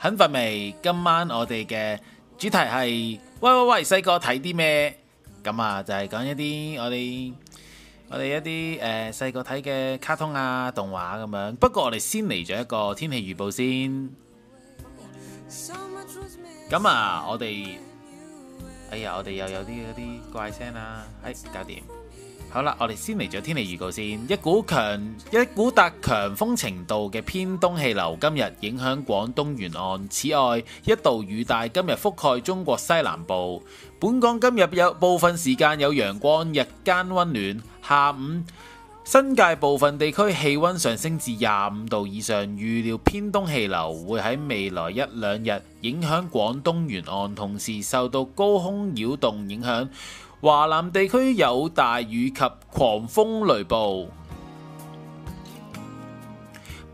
肯瞓未？今晚我哋嘅主題係喂喂喂，細個睇啲咩？咁啊，就係、是、講一啲我哋我哋一啲誒，細個睇嘅卡通啊、動畫咁、啊、樣。不過我哋先嚟咗一個天氣預報先。咁啊，我哋哎呀，我哋又有啲啲怪聲啦、啊。哎，搞掂。好啦，我哋先嚟咗天氣預告先。一股強、一股特強風程度嘅偏東氣流今日影響廣東沿岸。此外，一道雨帶今日覆蓋中國西南部。本港今日有部分時間有陽光，日間温暖。下午，新界部分地區氣温上升至廿五度以上。預料偏東氣流會喺未來一兩日影響廣東沿岸，同時受到高空擾動影響。華南地區有大雨及狂風雷暴。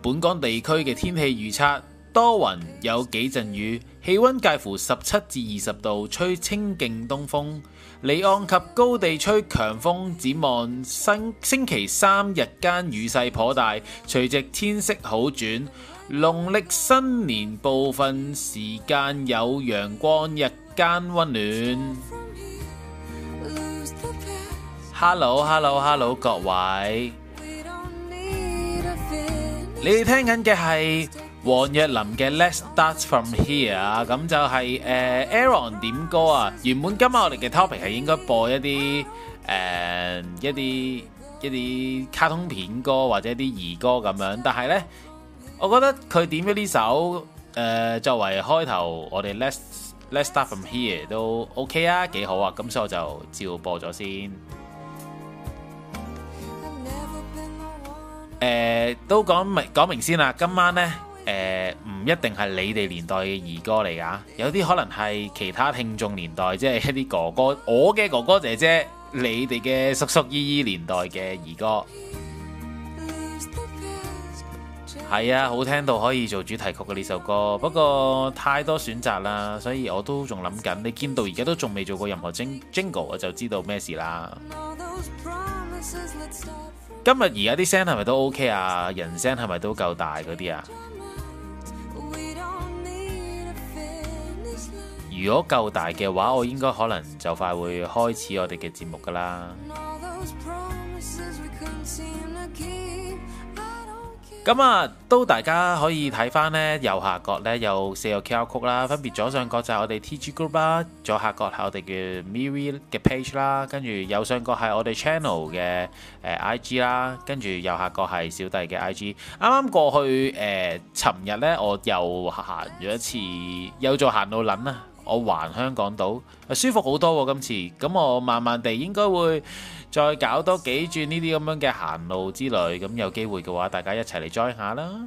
本，本港地區嘅天氣預測，多雲有幾陣雨，氣溫介乎十七至二十度，吹清勁東風。離岸及高地吹強風。展望星星期三日間雨勢頗大，隨着天色好轉，農曆新年部分時間有陽光，日間溫暖。Hello，Hello，Hello，hello, hello, 各位，你哋聽緊嘅係王若琳嘅《Let's Start From Here、就是》啊。咁就係誒 Aaron 點歌啊。原本今晚我哋嘅 topic 係應該播一啲誒、uh, 一啲一啲卡通片歌或者啲兒歌咁樣，但係呢，我覺得佢點咗呢首誒、uh, 作為開頭，我哋《Let's Let's Start From Here》都 OK 啊，幾好啊。咁所以我就照播咗先。誒、呃，都講明講明先啦。今晚呢，誒、呃，唔一定係你哋年代嘅兒歌嚟㗎，有啲可能係其他聽眾年代，即係一啲哥哥、我嘅哥哥姐姐、你哋嘅叔叔姨姨年代嘅兒歌。係、嗯、啊，好聽到可以做主題曲嘅呢首歌，不過太多選擇啦，所以我都仲諗緊。你見到而家都仲未做過任何 jingle，我就知道咩事啦。今日而家啲聲係咪都 OK 啊？人聲係咪都夠大嗰啲啊？如果夠大嘅話，我應該可能就快會開始我哋嘅節目㗎喇。咁啊，都大家可以睇翻呢，右下角呢，有四個 QR code 啦，分別左上角就係我哋 TG Group 啦，左下角係我哋嘅 Miri 嘅 page 啦，跟住右上角係我哋 channel 嘅 IG 啦，跟住右下角係小弟嘅 IG。啱啱過去誒，尋、呃、日呢，我又行咗一次，又再行到撚啦。我環香港島，舒服好多喎今次。咁我慢慢地應該會再搞多幾轉呢啲咁樣嘅行路之類。咁有機會嘅話，大家一齊嚟 join 下啦。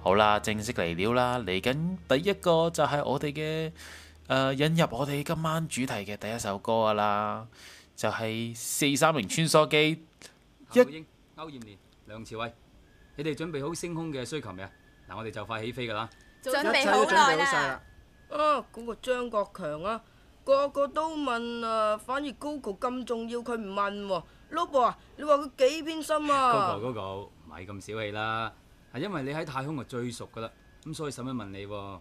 好啦，正式嚟料啦！嚟緊第一個就係我哋嘅誒，引入我哋今晚主題嘅第一首歌噶啦，就係《四三零穿梭機》。歐艷蓮、梁朝偉，你哋準備好升空嘅需求未啊？嗱，我哋就快起飛噶啦！準備好晒啦！啊，嗰個張國強啊，個個都問啊，反而 Google 咁重要佢唔問喎，Lobo 你話佢幾偏心啊？Google，Google 唔係咁小氣啦，係因為你喺太空係最熟噶啦，咁所以使乜問你喎。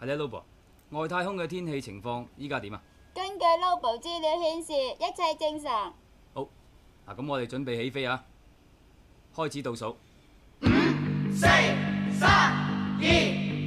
係咧，Lobo，外太空嘅天氣情況依家點啊？根據 Lobo 資料顯示，一切正常。好，嗱，咁我哋準備起飛啊，開始倒數，五、四、三、二。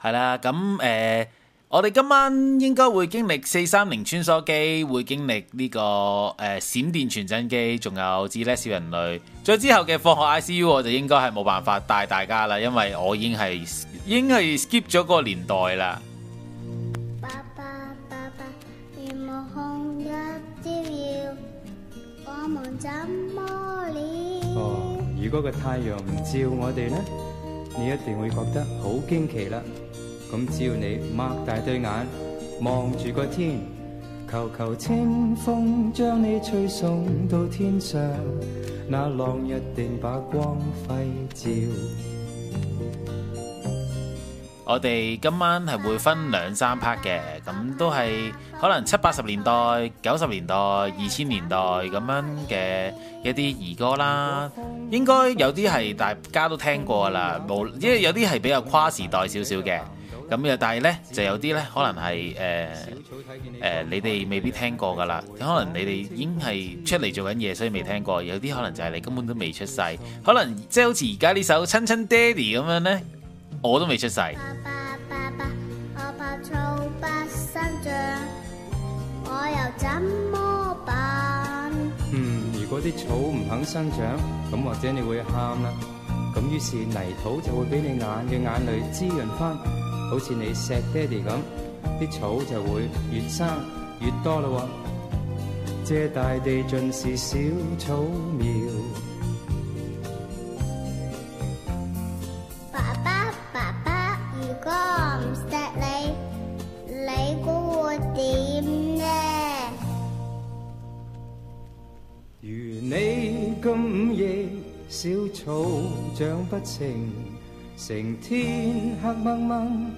係啦，咁誒、呃，我哋今晚應該會經歷四三零穿梭機，會經歷、這個呃、呢個誒閃電傳真機，仲有至 Net 小人類。再之後嘅放學 ICU，我就應該係冇辦法帶大家啦，因為我已經係已經係 skip 咗個年代啦。爸爸爸爸，面目紅日照，我們怎麼了？哦，如果個太陽唔照我哋呢，你一定會覺得好驚奇啦。咁只要你擘大對眼望住個天，求求清風將你吹送到天上，那朗日定把光輝照。我哋今晚係會分兩三 part 嘅，咁都係可能七八十年代、九十年代、二千年代咁樣嘅一啲兒歌啦。應該有啲係大家都聽過啦，冇，因為有啲係比較跨時代少少嘅。咁又，但係咧，就有啲咧，可能係、呃呃、你哋未必聽過噶啦。可能你哋已經係出嚟做緊嘢，所以未聽過。有啲可能就係你根本都未出世。可能即係好似而家呢首《親親爹哋》咁樣咧，我都未出世。爸爸爸爸，我怕草不生長，我又怎麼辦？嗯，如果啲草唔肯生長，咁或者你會喊啦。咁於是泥土就會俾你眼嘅眼淚滋潤翻。好似你錫爹哋咁，啲草就會越生越多啦喎！這大地盡是小草苗。爸爸爸爸，如果唔錫你，你估會點呢？如你今夜小草長不成，成天黑濛濛。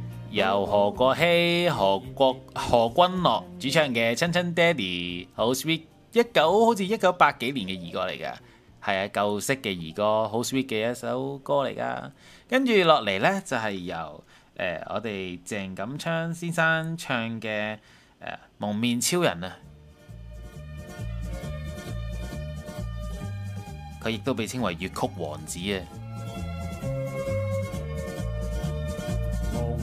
由何國熙、何國、何君樂主唱嘅《親親爹哋》好 sweet，一九好似一九八幾年嘅兒歌嚟噶。係啊，舊式嘅兒歌，好 sweet 嘅一首歌嚟噶。跟住落嚟呢，就係、是、由誒、呃、我哋鄭錦昌先生唱嘅《誒、呃、蒙面超人》啊，佢亦都被稱為粵曲王子啊。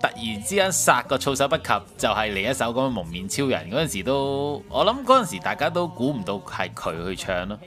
突然之間殺個措手不及，就係嚟一首咁樣蒙面超人嗰陣時都，我諗嗰陣時大家都估唔到係佢去唱咯。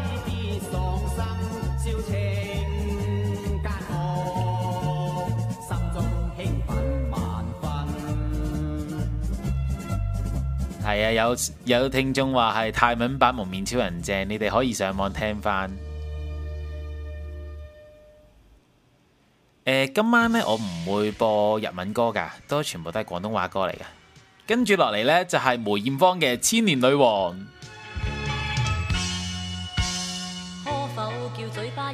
係啊，有有聽眾話係泰文版《幪面超人》正，你哋可以上網聽翻。呃，今晚呢，我唔會播日文歌噶，都全部都係廣東話歌嚟嘅。跟住落嚟呢，就係、是、梅艷芳嘅《千年女王》。可否叫嘴巴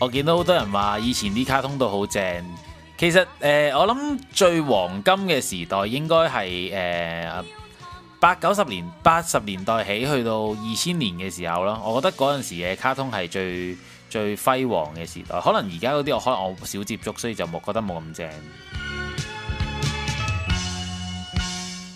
我見到好多人話以前啲卡通都好正，其實，呃，我諗最黃金嘅時代應該係八九十年八十年代起去到二千年嘅時候咯，我覺得嗰陣時嘅卡通係最最輝煌嘅時代，可能而家嗰啲我可能我少接觸，所以就冇覺得冇咁正。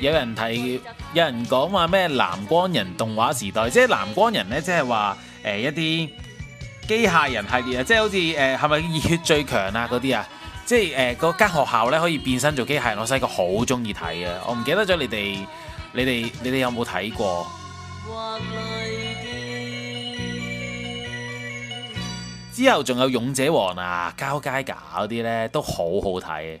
有人睇，有人講話咩藍光人動畫時代，即係藍光人呢，即係話誒一啲機械人系列、呃、是是啊，即係好似誒係咪熱血最強啊嗰啲啊，即係誒個間學校呢，可以變身做機械人，我細個好中意睇嘅，我唔記得咗你哋你哋你哋有冇睇過？之後仲有勇者王啊、交街架嗰啲呢，都很好好睇。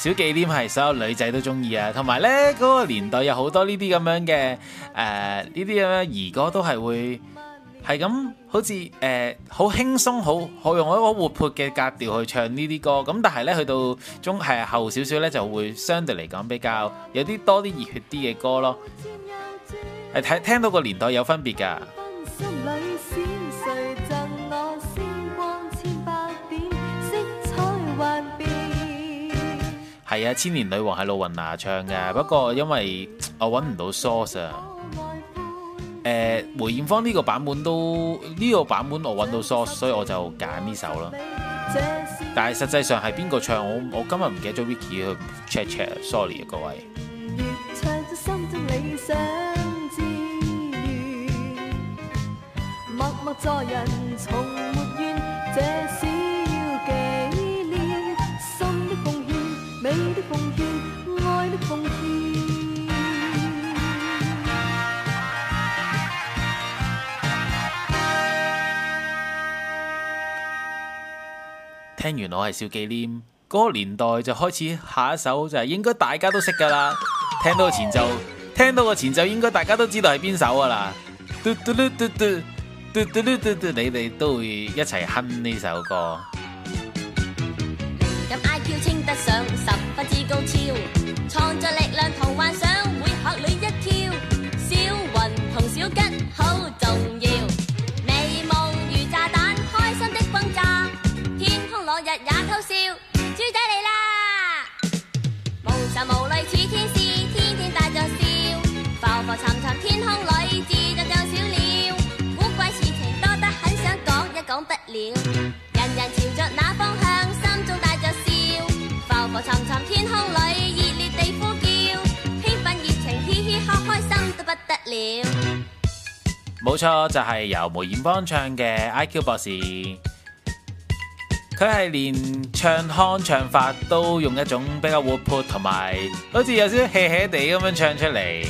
小忌廉係所有女仔都中意啊，同埋呢嗰、嗰個年代有好多呢啲咁樣嘅誒，呢啲咁樣兒歌都係會係咁，好似誒好輕鬆，好好用一個活潑嘅格調去唱呢啲歌。咁但係呢，去到中係後少少呢，就會相對嚟講比較有啲多啲熱血啲嘅歌咯。係睇聽到嗰個年代有分別噶。嗯係啊，千年女王係露雲娜唱嘅。不過因為我搵唔到 source，誒、嗯，梅艷芳呢個版本都呢，這個版本我搵到 source，所以我就揀呢首啦。但係實際上係邊個唱我我今日唔記得咗，Vicky 去 check check，sorry 啊各位。默默助人從沒怨，聽完我係小紀念嗰，那個年代，就開始下一首，就係、是，應該大家都識噶啦，聽到個前奏，聽到個前奏應該大家都知道係邊首啊啦，嘟嘟嚕嘟嘟嘟嘟嚕嘟嘟， 你哋都會一齊哼呢首歌。咁 IQ 稱得上十分之高冇錯，就係、是、由梅艷芳唱嘅《IQ 博士》，佢係連唱腔唱法都用一種比較活潑同埋，好似有少少 hea hea 地咁樣唱出嚟、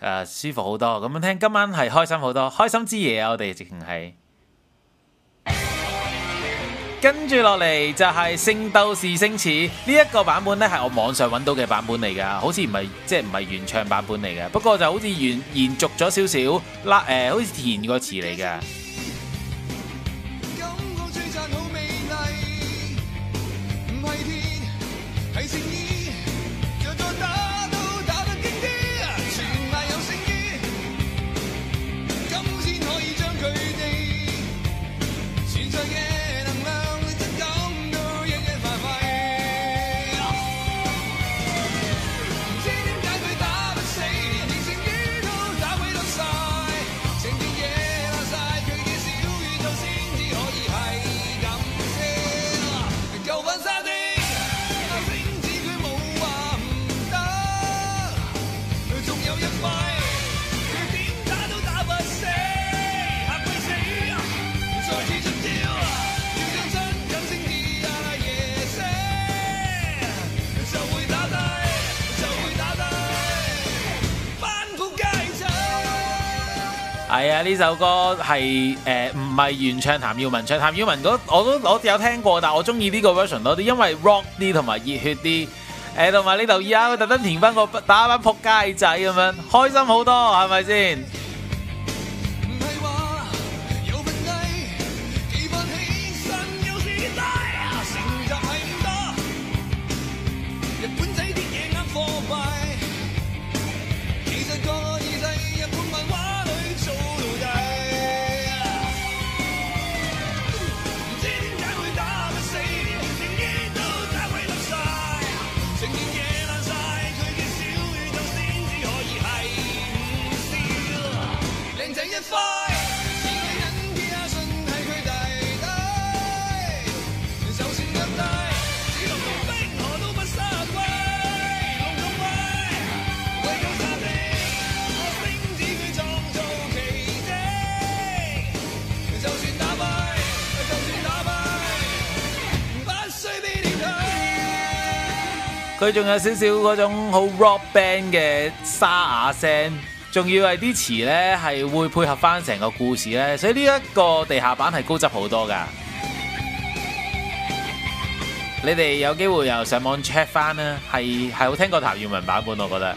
啊，舒服好多咁樣聽。今晚係開心好多，開心之夜，我哋直情係。跟住落嚟就係，是《聖鬥士星矢》呢一，這個版本呢係我網上揾到嘅版本嚟㗎，好似唔係，即係唔係原唱版本嚟嘅，不過就好似延延續咗少少，拉、呃、誒好似填個詞嚟嘅。首歌係誒，唔係原唱譚耀文唱，譚耀文我都我有聽過，但係我中意呢個 version 多啲，因為 rock 啲，同埋熱血啲，誒同埋呢度而家佢特登填翻個打翻仆街仔咁樣，開心好多係咪先？仲有少少嗰種好 rock band 嘅沙啞聲，仲要係啲詞呢係會配合翻成個故事呢。所以呢一個地下版係高質好多噶。 你哋有機會又上網 check 翻啦，係係好聽過譚詠文版本，我覺得。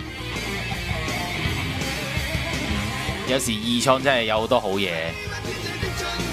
有時二創真係有好多好嘢。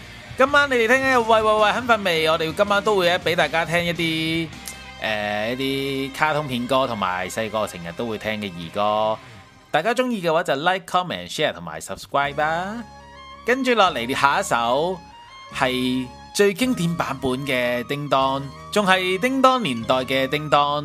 今晚你哋聽咧，喂喂喂，肯瞓未？我哋今晚都會咧俾大家聽一啲誒、呃、一啲卡通片歌，同埋細個成日都會聽嘅兒歌。大家中意嘅話就 like comment, share,、啊、comment、share 同埋 subscribe 啦。跟住落嚟，下一首係最經典版本嘅《還是叮噹》，仲係叮噹年代嘅《叮噹》。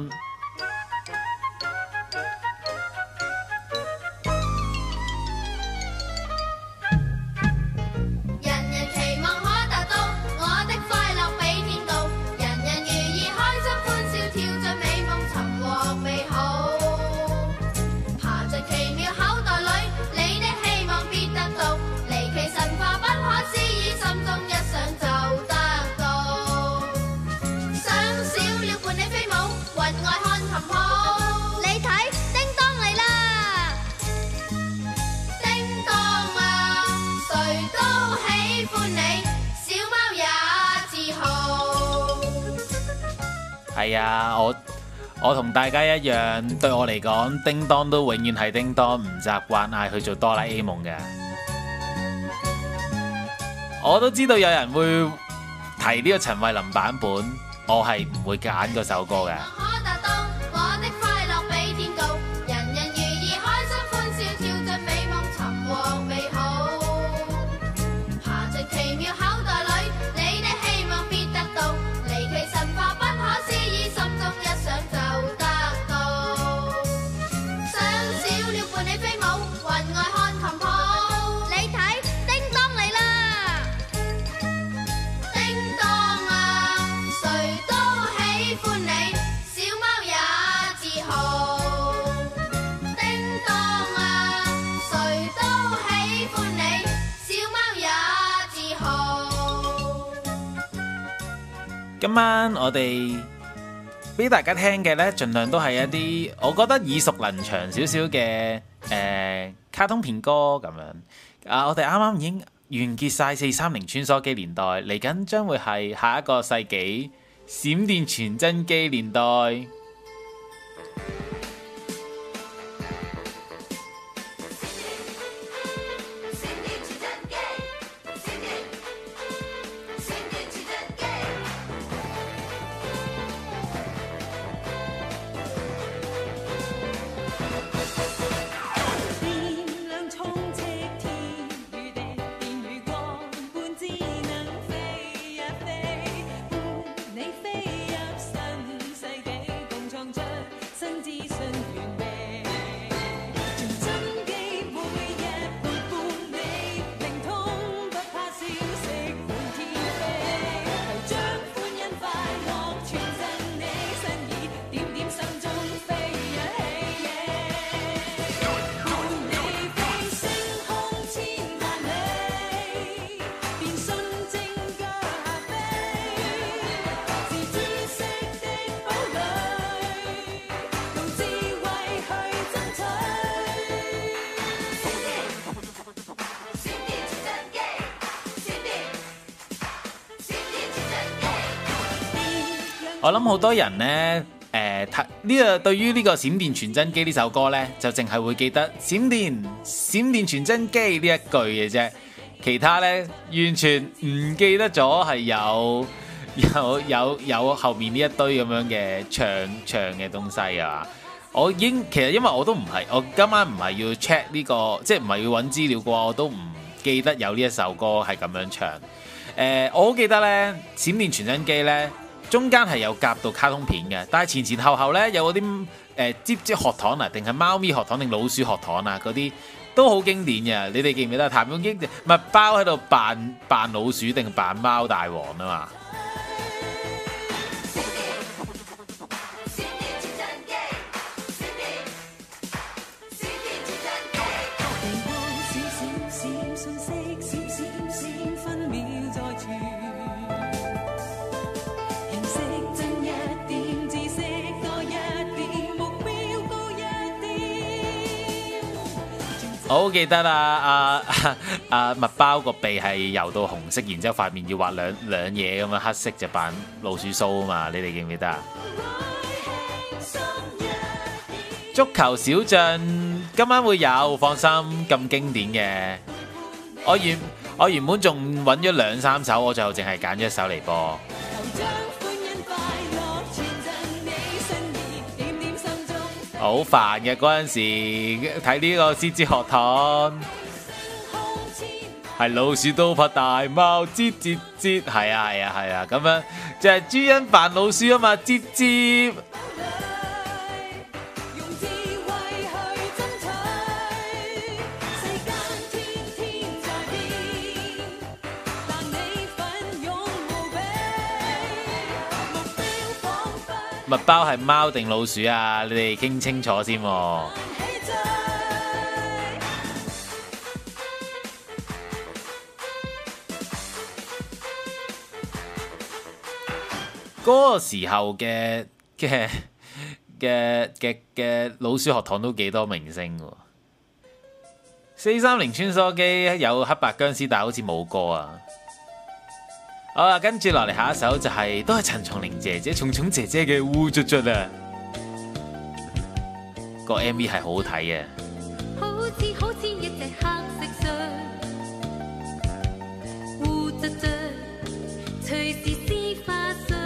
大家一樣，對我嚟講，叮當都永遠係叮當，唔習慣嗌佢做哆啦 A 夢嘅。我都知道有人會提呢個陳慧琳版本，我係唔會揀嗰首歌嘅。今晚我哋俾大家聽嘅呢，盡量都係一啲我覺得耳熟能詳少少嘅卡通片歌咁樣。啊，我哋啱啱已經完結晒四三零穿梭機年代，嚟緊將會係下一個世紀閃電傳真機年代。我諗好多人呢，誒、呃，呢個對於呢個《閃電傳真機》呢首歌呢，就淨係會記得《閃電閃電傳真機》呢一句嘅啫，其他呢，完全唔記得咗係有有有有後面呢一堆咁樣嘅唱唱嘅東西啊！我已經其實因為我都唔係，我今晚唔係要 check 呢個，即係唔係要揾資料啩？我都唔記得有呢一首歌係咁樣唱。誒、呃，我好記得呢《閃電傳真機》呢。中間係有夾到卡通片嘅，但係前前後後呢，有嗰啲誒接接學堂啊，定係貓咪學堂定老鼠學堂啊，嗰啲都好經典嘅。你哋記唔記得譚玉瑛唔係包喺度扮扮老鼠定扮貓大王啊嘛？好記得啊！啊麥包個鼻係油到紅色，然之後塊面要畫兩兩嘢，咁樣黑色就扮老鼠須啊嘛！你哋記唔記得啊？足球小將今晚會有，放心咁經典嘅。我原我原本仲揾咗兩三首，我最後淨係揀咗一首嚟播。好煩嘅嗰陣時睇呢個《獅子學堂》，係老鼠都怕大貓，吱吱吱，係啊係啊係啊，咁樣、啊啊啊啊啊、就係朱茵扮老鼠啊嘛，吱吱。物包係貓定老鼠啊！你哋傾清楚先喎。嗰個時候嘅嘅嘅嘅嘅老鼠學堂都幾多明星嘅喎。四三零穿梭機有黑白僵屍，但好似冇過啊。好啦，跟住落嚟，下一首就係、是、都係陳松伶姐姐、松松姐姐嘅烏卒卒啊，雷雷那個 M V 係好好睇嘅。好似好似一隻黑色船，烏卒卒，隨時施法術，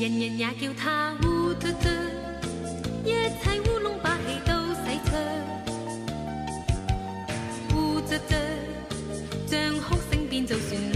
人人也叫他烏卒卒，一切烏龍把戲都使出，烏卒卒，將哭聲變做旋。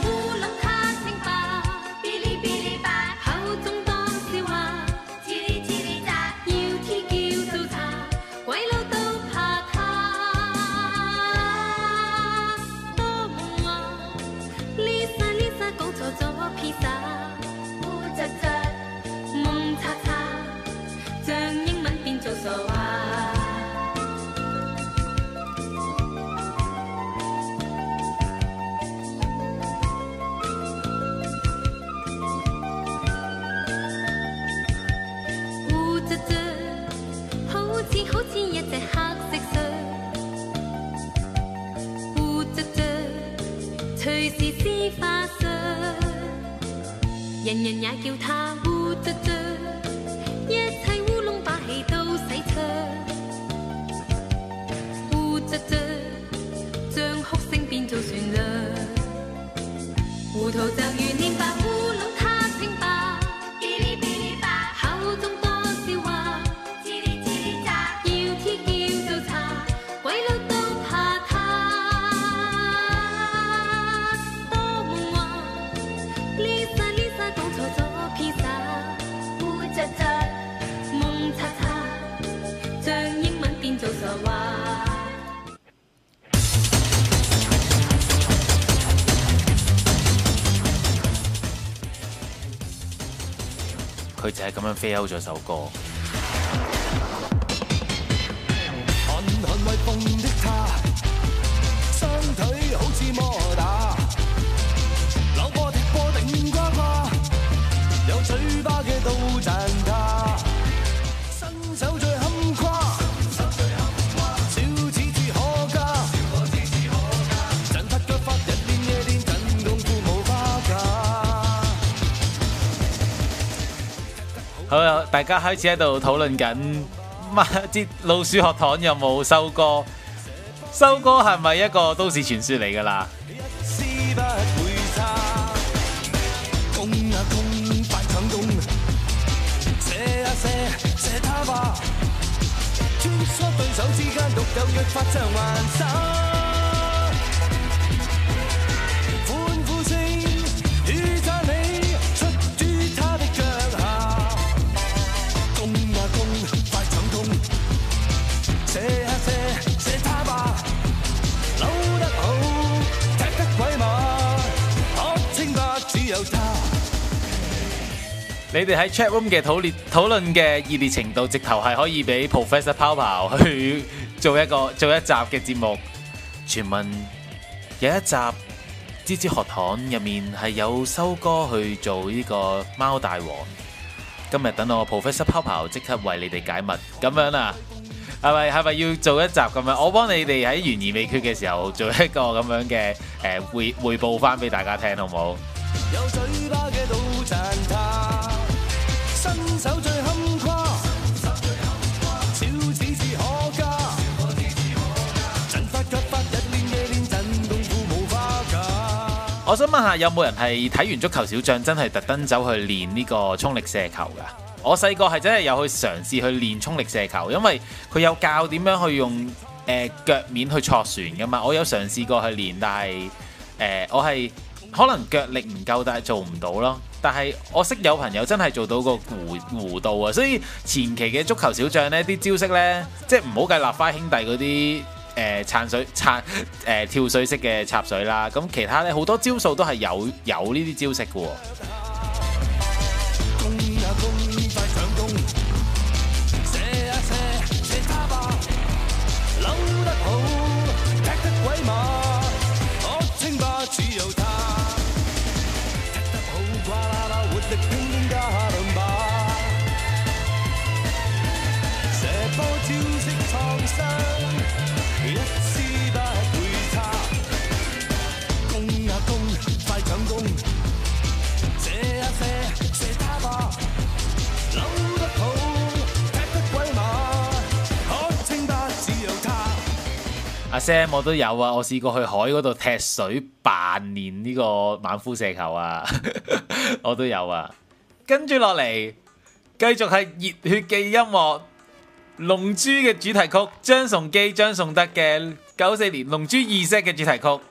fail 咗首歌。而家開始喺度討論緊，啲老鼠學堂有冇收歌？收歌係咪一個都市傳說嚟㗎啦？你哋喺 chat room 嘅討，討論討論嘅熱烈程度，直頭係可以俾 Professor Power 去做一個做一集嘅節目。傳聞有一集《芝芝學堂》入面係有收歌去做呢個貓大王。今日等我 Professor Power 即刻為你哋解密，咁樣啊？係咪係咪要做一集咁樣啊？我幫你哋喺懸疑未決嘅時候做一個咁樣嘅誒、匯匯報翻俾大家聽，好唔好？我想問下有冇人係睇完足球小將真係特登走去練呢個衝力射球㗎？我細個係真係有去嘗試去練衝力射球，因為佢有教點樣去用誒、呃、腳面去挫船㗎嘛。我有嘗試過去練，但係誒、呃、我係可能腳力唔夠，但係做唔到咯。但係我識有朋友真係做到個弧弧度啊！所以前期嘅足球小將呢啲招式呢，即係唔好計立花兄弟嗰啲。誒撐、呃、水撐誒、呃、跳水式嘅插水啦，咁其他咧好多招數都係有有呢啲招式㗎喎。阿 Sam 我都有啊，我試過去海嗰度踢水扮練呢個猛虎射球啊，我都有啊。跟住落嚟，繼續係熱血嘅音樂，《龍珠》嘅主題曲，張崇基、張崇德嘅九四年《龍珠二式》嘅主題曲。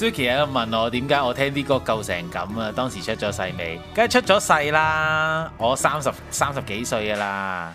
Suki 喺度問我點解我聽啲歌舊成咁啊！當時出咗世未？梗係出咗世啦，我三十三十幾歲嘅啦。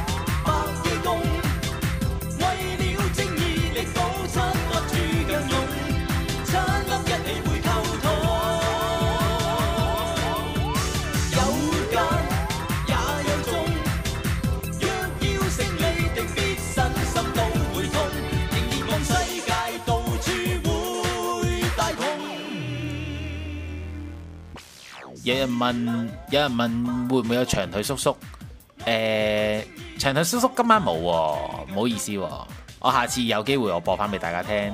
有人問，有人問會唔會有長腿叔叔？誒、欸，長腿叔叔今晚冇喎，唔好意思喎，我下次有機會我播翻俾大家聽。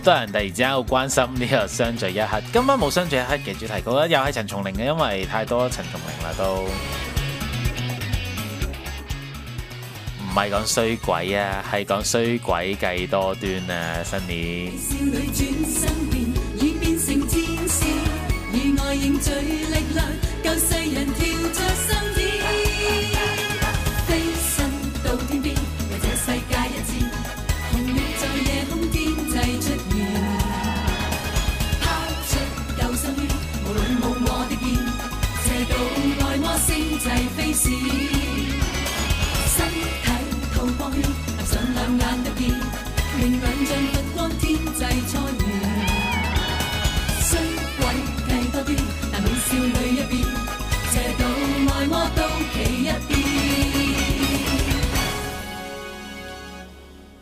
很多人突然之間好關心呢個相聚一刻，今晚冇相聚一刻嘅主題曲啦，又係陳松伶嘅，因為太多陳松伶啦都。唔係講衰鬼啊，係講衰鬼計多端啊！新年。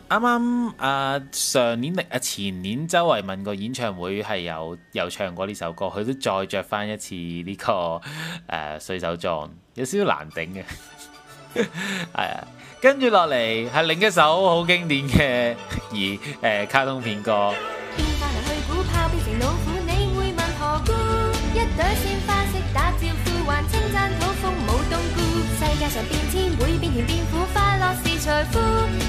啱啱啊上年啊前年周慧敏個演唱會係有有唱過呢首歌，佢都再着翻一次呢、這個、啊、水手裝，有少少難頂嘅、 哎，啊。跟住落嚟係另一首好經典嘅而卡通片歌。變化人去古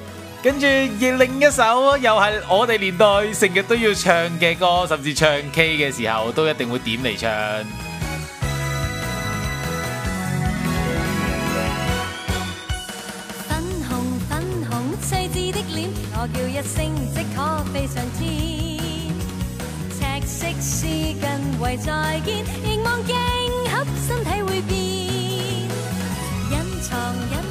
跟住，而另一首又係我哋年代成日都要唱嘅歌，甚至唱 K 嘅時候都一定會點嚟唱。粉紅粉紅，細致的臉，我叫一聲即可飛上天。赤色絲巾圍在肩，凝望鏡盒身體會變隱藏陰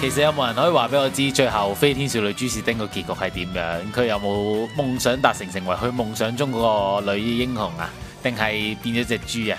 其實有冇人可以話俾我知，最後飛天少女豬事丁個結局係點樣？佢有冇夢想達成，成為佢夢想中嗰個女英雄啊？定係變咗隻豬啊？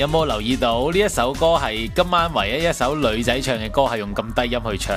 有冇留意到呢一首歌係今晚唯一一首女仔唱嘅歌，係用咁低音去唱？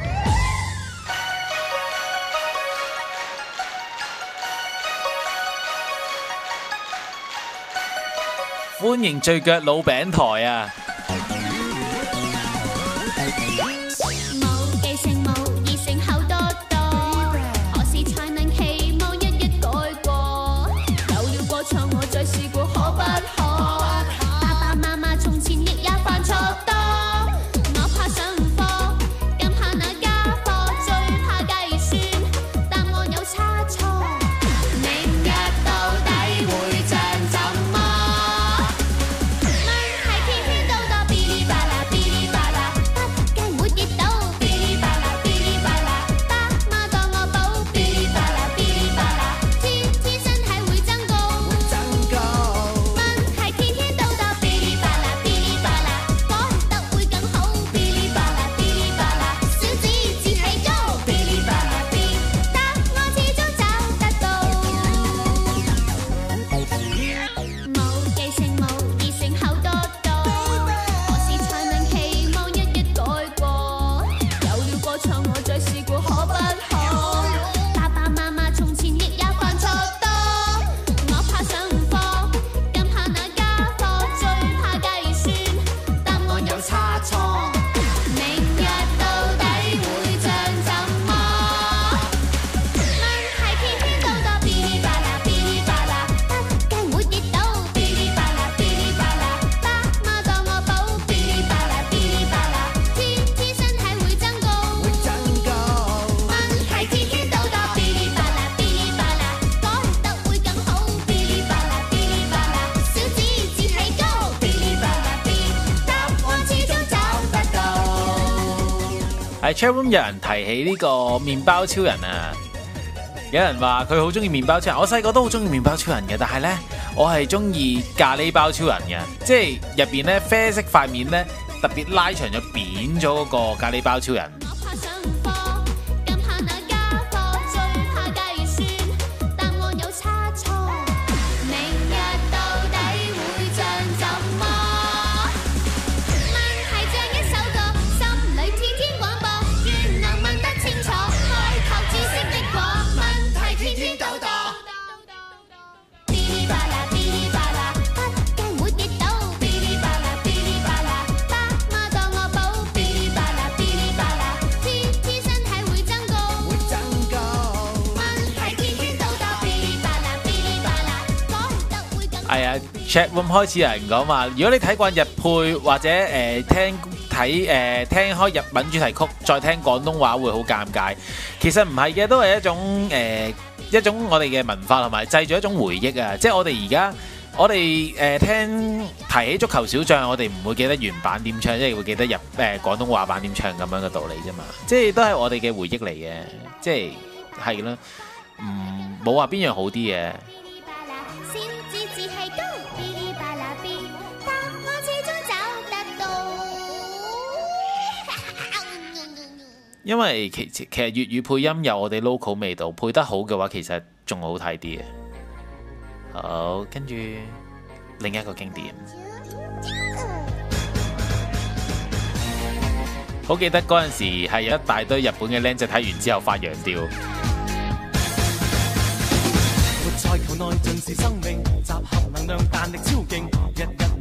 歡迎醉腳老餅台啊！有人提起呢個麵包超人啊，有人話佢好中意麵包超人，我細個都好中意麵包超人嘅，但係呢，我係中意咖喱包超人嘅，即係入邊呢啡色塊面呢，特別拉長咗，扁咗嗰個咖喱包超人。咁開始有人講話，如果你睇慣日配或者誒、呃、聽睇誒、呃、聽開日文主題曲，再聽廣東話會好尷尬。其實唔係嘅，都係一種誒、呃、一種我哋嘅文化同埋製造一種回憶啊。即係我哋而家我哋誒、呃、聽提起足球小將，我哋唔會記得原版點唱，即係會記得日誒廣東話版點唱咁樣嘅道理啫嘛。即係都係我哋嘅回憶嚟嘅，即係係啦，唔冇話邊樣好啲嘅。因為其其實粵語配音有我哋 local 味道，配得好嘅話，其實仲好睇啲。好，跟住另一個經典，好記得嗰陣時係有一大堆日本嘅靚仔睇完之後發羊吊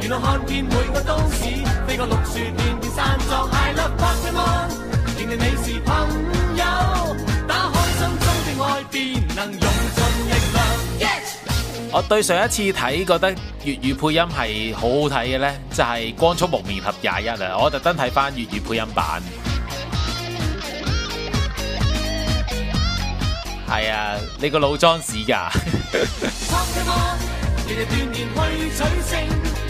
原來看的 I love 你是朋友，打開心中的愛便能用盡力量，yeah! 我對上一次睇覺得粵語配音係好好睇嘅呢，就係、是《光速蒙面俠》廿一啊！我特登睇返粵語配音版。係 啊，你個老裝屎噶！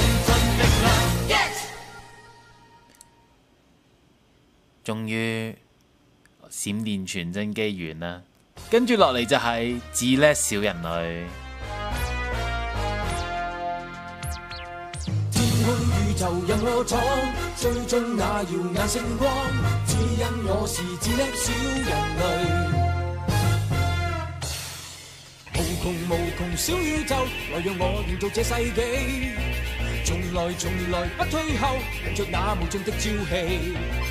終於閃電傳真機完啦，跟住落嚟就係至 Net 小人類。天空宇宙任我闖，最追那耀眼星光，只因我是至 Net 小人類。無窮無窮小宇宙，來讓我營造這世紀，從來從來不退後，迎着那無盡的朝氣。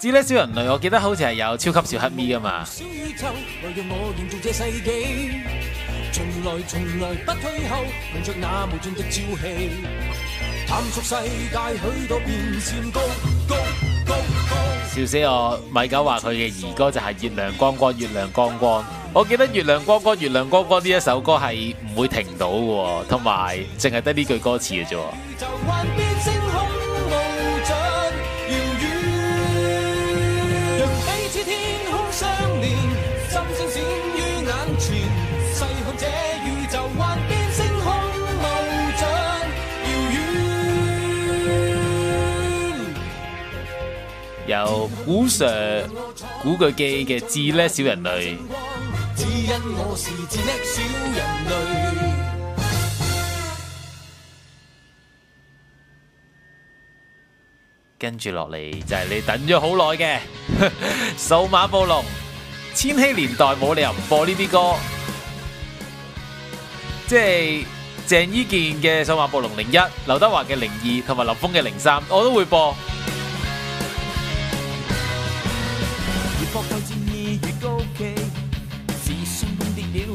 《至 Net 小人類》，我記得好似係有《超級小黑咪》噶嘛。笑死我，米九話佢嘅兒歌就係《月亮光光》，月亮光光。我記得《月亮光光》，《月亮光光》呢一首歌係唔會停到喎，同埋淨係得呢句歌詞嘅啫。有古 Sir、古巨基嘅《至 Net 小人類》，跟住落嚟就係你等咗好耐嘅《數碼暴龍》，千禧年代冇理由唔播呢啲歌，即係鄭伊健嘅《數碼暴龍零一》，劉德華嘅《零二》同埋林峯嘅《零三》，我都會播。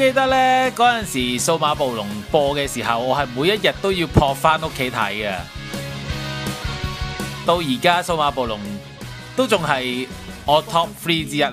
我記得咧嗰陣時數碼暴龍播嘅時候，我係每一日都要撲翻屋企睇嘅。到而家數碼暴龍都仲係我 Top Three 之一啊！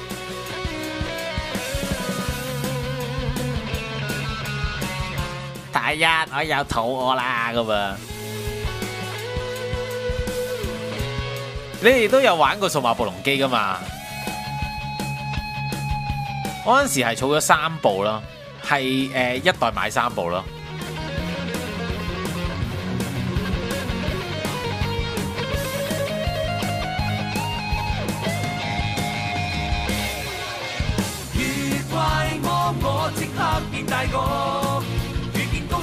呀！我又肚餓啦，咁啊！你哋都有玩過數碼暴龍機㗎嘛？我嗰時係儲咗三部咯，係誒、呃、一代買三部咯。愉快大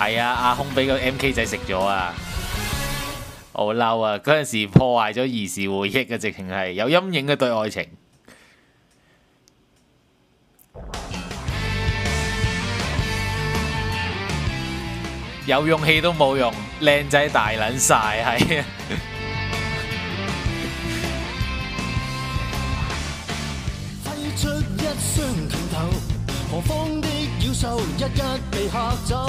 係啊，阿空俾個 MK 仔食咗啊！好嬲啊！嗰陣時破壞咗兒時回憶嘅，直情係有陰影嘅對愛情。有勇氣都冇用，靚仔大撚晒係。揮出一雙拳頭，何方的妖獸，一一被嚇走。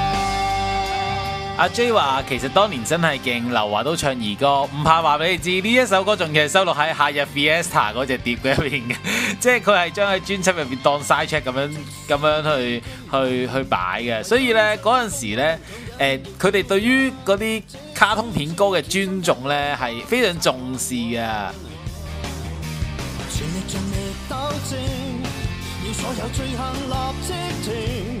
阿 J 話其實當年真係勁，劉華都唱兒歌，唔怕話俾你知呢一首歌仲其實收錄喺《夏日 Fiesta》嗰隻碟入邊嘅，即係佢係將喺專輯入邊當 side check 咁樣咁樣去去去擺嘅，所以咧嗰陣時咧，誒佢哋對於嗰啲卡通片歌嘅尊重咧係非常重視嘅。全力全力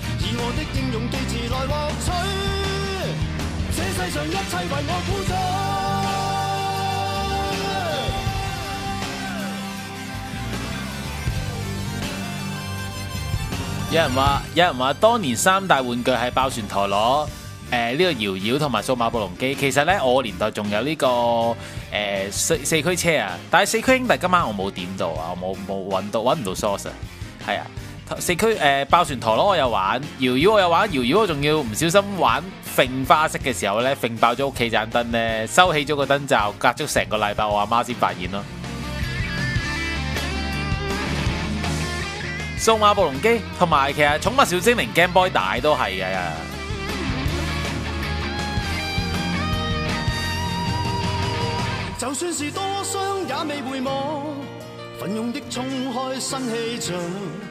的有人話，有人話，當年三大玩具係爆旋陀螺、誒、呃、呢、這個搖搖同埋數碼暴龍機。其實咧，我年代仲有呢、這個誒、呃、四四驅車啊。但係四驅兄弟，今晚我冇點到，到，到啊，我冇冇搵到，搵唔到 source。係啊。四驅誒、呃、爆旋陀螺我又玩，搖搖我又玩，搖搖我仲要唔小心玩揈花式嘅時候咧揈爆咗屋企盞燈咧，收起咗個燈罩隔咗成個禮拜，我阿媽先發現咯。數碼暴龍機同埋其實寵物小精靈 Game Boy 帶都係嘅。就算是多傷也未回望，奮勇的衝開新氣象。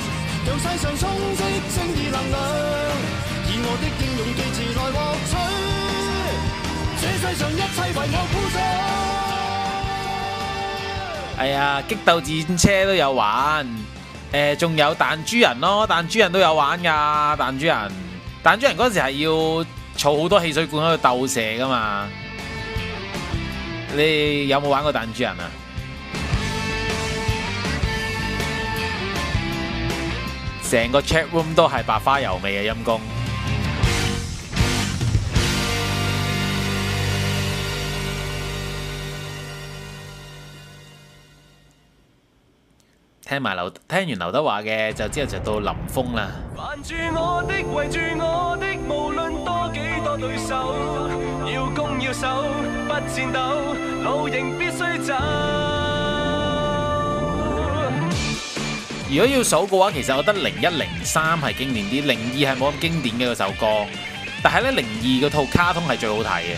一能量，以我我切係啊、哎，激鬥戰車都有玩，誒、呃，仲有彈珠人咯，彈珠人都有玩噶，彈珠人，彈珠人嗰時係要儲好多汽水罐喺度鬥蛇噶嘛，你有冇玩過彈珠人啊？成個 chat room 都係白花油味嘅陰功。聽埋劉，聽完劉德華嘅就之後就到林峯啦。如果要數嘅話，其實我覺得零一零三係經典啲，零二係冇咁經典嘅嗰首歌，但係咧零二嗰套卡通係最好睇嘅。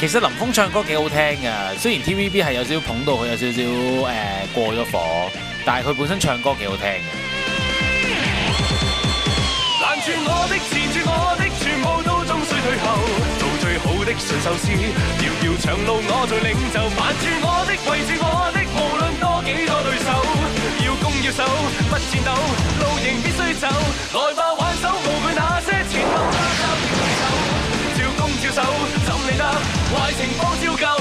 其實林峰唱歌幾好聽噶，雖然 TVB 係有少少捧到佢有少少誒過咗火，但係佢本身唱歌幾好聽嘅。住我的住我的全部都終需退後做最好的馴獸師，遙遙長路我做領袖住我的圍住我的無論多幾多對手要攻要守不顫抖路營必須走來吧挽手無懼那些前情方照舊，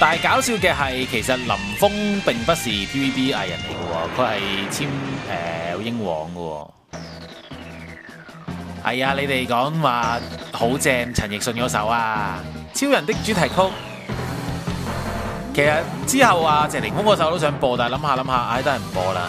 但係搞笑嘅係，其實林峰並不是 TVB 藝人嚟嘅，佢係簽誒英皇嘅。係、哎、啊，你哋講話好正陳奕迅嗰首啊，《超人的主題曲》。其實之後啊，謝霆鋒嗰首都想播，但係諗下諗下，唉，都係唔播啦。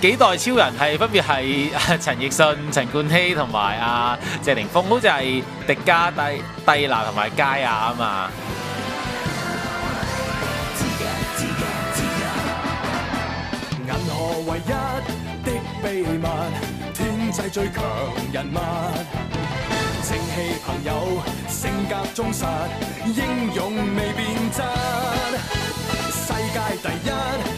幾代超人係分別係陳奕迅、陳冠希同埋阿謝霆鋒，好似係迪迦、戴戴拿同埋蓋亞啊嘛。銀河唯一的秘密，天際最強人物，正氣朋友，性格忠實，英勇未變質，世界第一。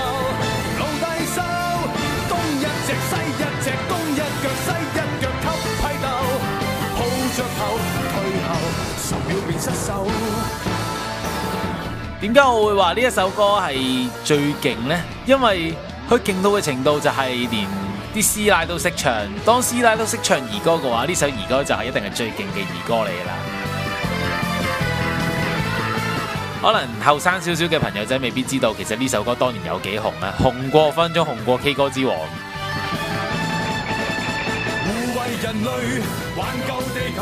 點解我會話呢一首歌係最勁呢？因為佢勁到嘅程度就係連啲師奶都識唱，當師奶都識唱兒歌嘅話，呢首兒歌就係一定係最勁嘅兒歌嚟㗎啦。 可能後生少少嘅朋友仔未必知道，其實呢首歌當年有幾紅啊！紅過分鐘，紅過 K 歌之王。護衛人類，挽救地球。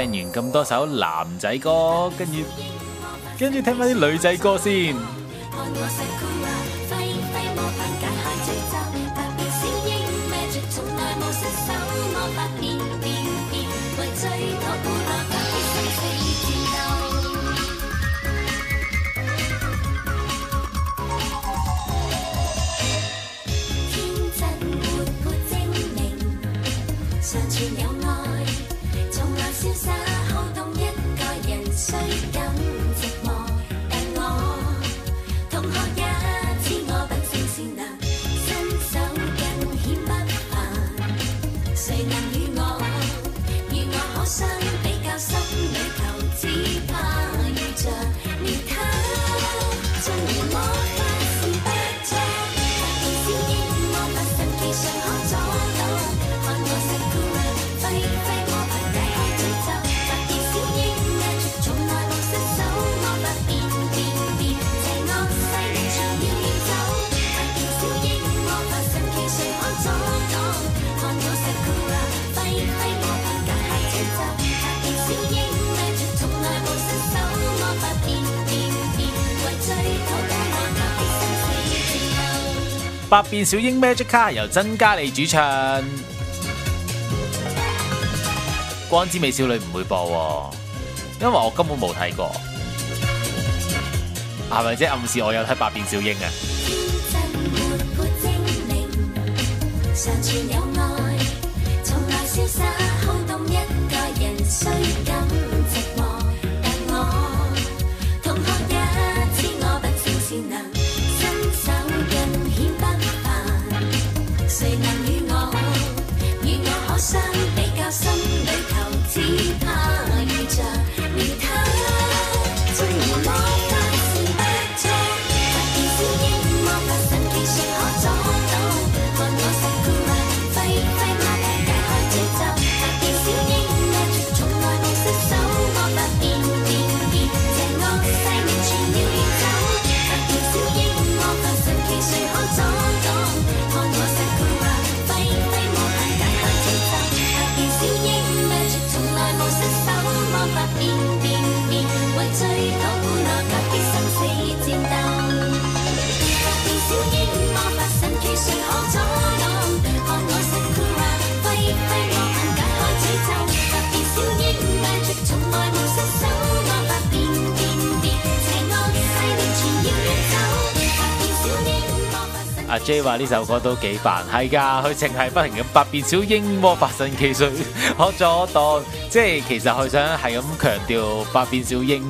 聽完咁多首男仔歌，跟住跟住聽翻啲女仔歌先。百變小櫻 magic 卡，由曾嘉莉主唱，光之美少女唔會播，因為我根本冇睇過，係咪即暗示我有睇百變小櫻啊？J 話呢首歌都幾煩，係噶，佢淨係不停咁百變小櫻魔法神奇水，奇，實、啊、可，可阻擋，即、哎、係其實佢想係咁強調百變小櫻，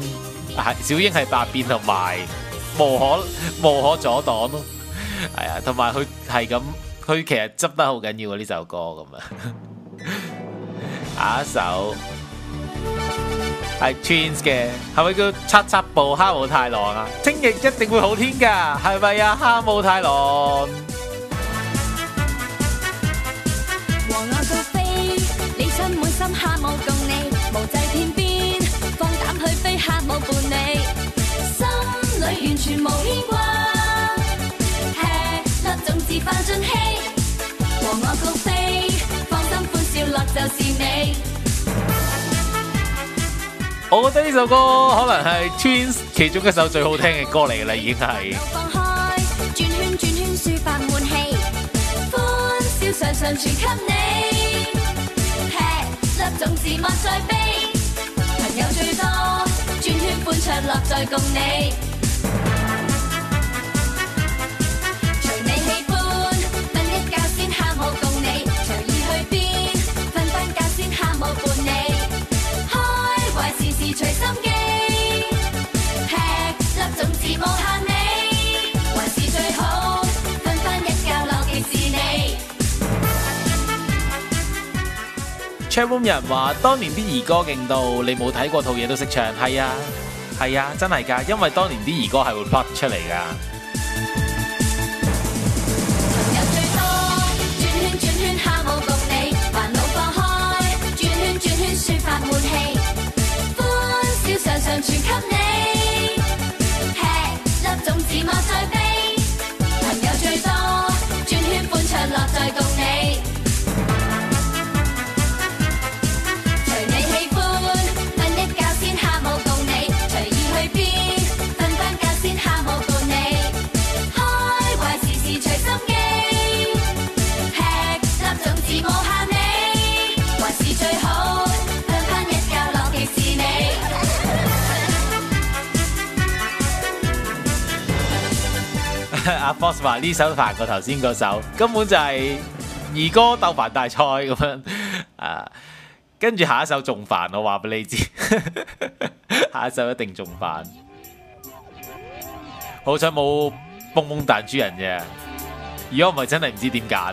係小櫻係百變同埋無可無可阻擋咯，係啊，同埋佢係咁，佢其實執得好緊要啊呢首歌咁啊，下一首。係 Twins 嘅，係咪叫擦擦步哈姆太郎啊？聽日一定會好天噶，係咪啊哈姆太郎？和我共飛，理想滿心，哈姆共你，無際天邊，放膽去飛，哈姆伴你，心裏完全無牽掛，嘿，失總是扮盡戲，和我共飛，放心歡笑樂就是你。我覺得呢首歌可能係 Twins 其中一首最好聽嘅歌嚟嘅啦，已經係。唱 room 有人話，當年啲兒歌勁到你冇睇過套嘢都識唱，係啊，係啊，真係㗎，因為當年啲兒歌係會 pop 出嚟㗎。阿 Force 話呢首煩過頭先嗰首，根本就係兒歌鬥煩大賽咁樣 啊！跟住下一首仲煩，我話俾你知， 下一首一定仲煩。 好彩冇蹦蹦彈珠人啫，如果唔係真係唔知點揀。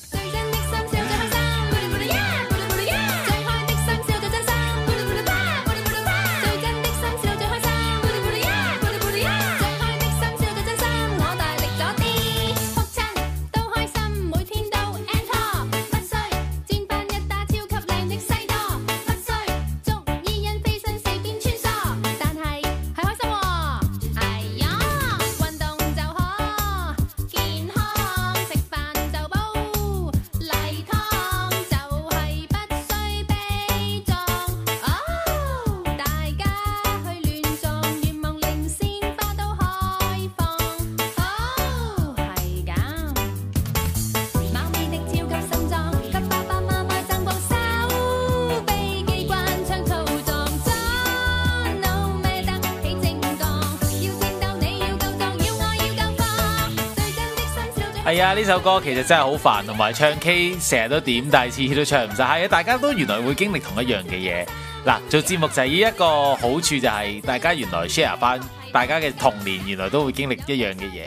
呢、啊、首歌其實真係好煩，同埋唱 K 成日都點，但係次次都唱唔晒。啊，大家都原來會經歷同一樣嘅嘢。嗱、啊，做節目就係呢一個好處，就係大家原來 share 翻，大家嘅童年原來都會經歷一樣嘅嘢。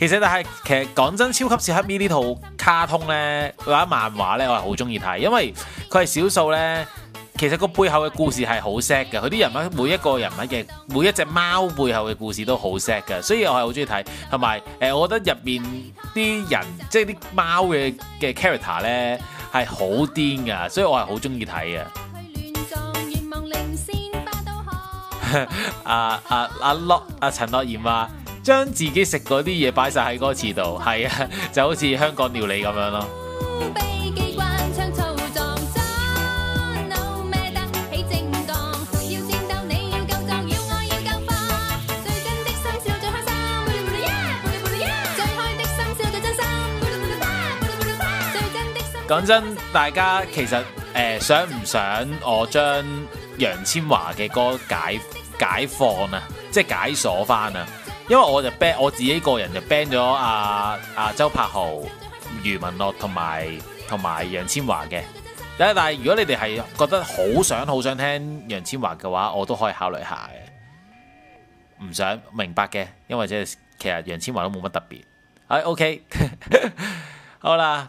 其實但係其實講真，超級小黑咪呢套卡通呢，或者漫畫呢，我係好中意睇，因為佢係少數呢。其實個背後嘅故事係好 sad 嘅，佢啲人物每一個人物嘅每一隻貓背後嘅故事都好 sad 嘅，所以我係好中意睇，同埋誒，我覺得入面啲人即係啲貓嘅嘅 character 咧係好癲嘅，所以我係好中意睇嘅。啊啊阿樂阿陳樂賢啊，將、啊、自己食嗰啲嘢擺晒喺個池度，係啊，就好似香港料理咁樣咯。講真，大家其實誒、呃、想唔想我將楊千嬅嘅歌解解放啊，即係解鎖翻啊？因為我就 ban 我自己個人就 ban 咗阿阿周柏豪、余文樂同埋同埋楊千嬅嘅。但係如果你哋係覺得好想好想聽楊千嬅嘅話，我都可以考慮下嘅。唔想明白嘅，因為即、就、係、是、其實楊千嬅都冇乜特別。係 OK， 好啦。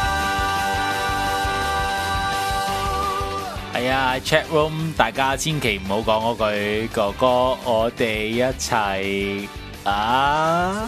係啊，chat room，大家千祈唔好講嗰句哥哥，我哋一齊啊！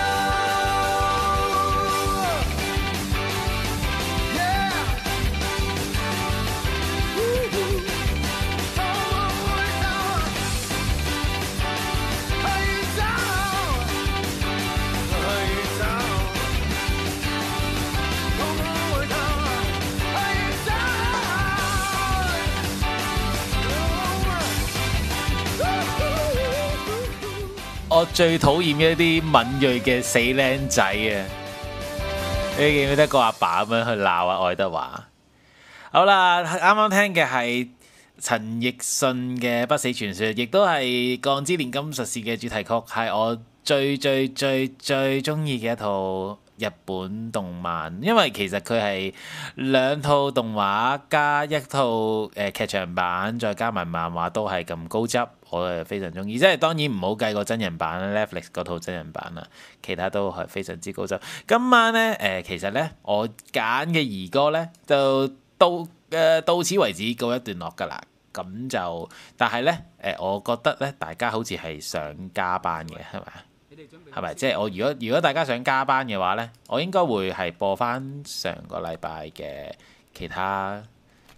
我最討厭一啲敏鋭嘅死僆仔啊！你記唔記得個阿爸咁樣去鬧啊？愛德華，好啦，啱啱聽嘅係陳奕迅嘅《不死傳說》，亦都係《鋼之鍊金術士》嘅主題曲，係我最最最最中意嘅一套。日本動漫，因為其實佢係兩套動畫加一套誒、呃、劇場版，再加埋漫畫都係咁高質，我係非常中意。即係當然唔好計個真人版，Netflix 嗰套真人版啦，其他都係非常之高質。今晚呢，誒、呃，其實呢，我揀嘅兒歌呢，就到誒、呃、到此為止告一段落㗎啦。咁就但係呢，誒、呃，我覺得呢，大家好似係想加班嘅，係咪啊？係咪？是是即係我如果如果大家想加班嘅話呢，我應該會係播翻上個禮拜嘅其他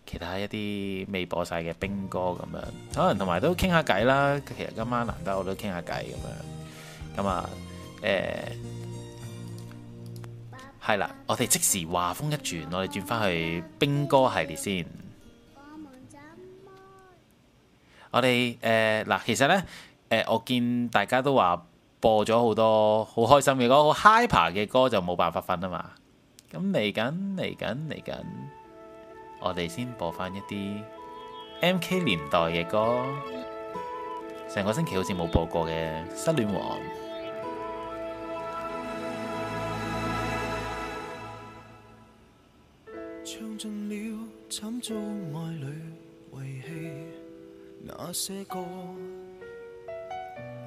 其他一啲未播晒嘅兵歌咁樣，可能同埋都傾下偈啦。其實今晚難得我都傾下偈咁樣。咁啊，誒，係啦，我哋即時話風一轉，我哋轉翻去兵歌系列先。我哋誒嗱，其實呢，誒，我見大家都話。播咗好多好開心嘅歌，好 hyper 嘅歌就冇辦法瞓啊嘛！咁嚟緊嚟緊嚟緊，我哋先播翻一啲 MK 年代嘅歌，成個星期好似冇播過嘅《失戀王》。唱盡了慘遭愛侶遺棄，那些歌。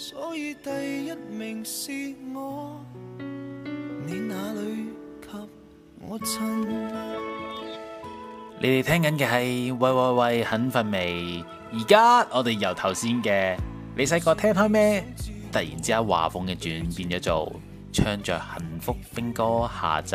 所以第一名是我，你哪裏給我親？你哋聽緊嘅係喂喂喂，肯瞓未。而家我哋由頭先嘅，你細個聽開咩？突然之間畫風嘅轉變咗，做唱着幸福兵歌下集。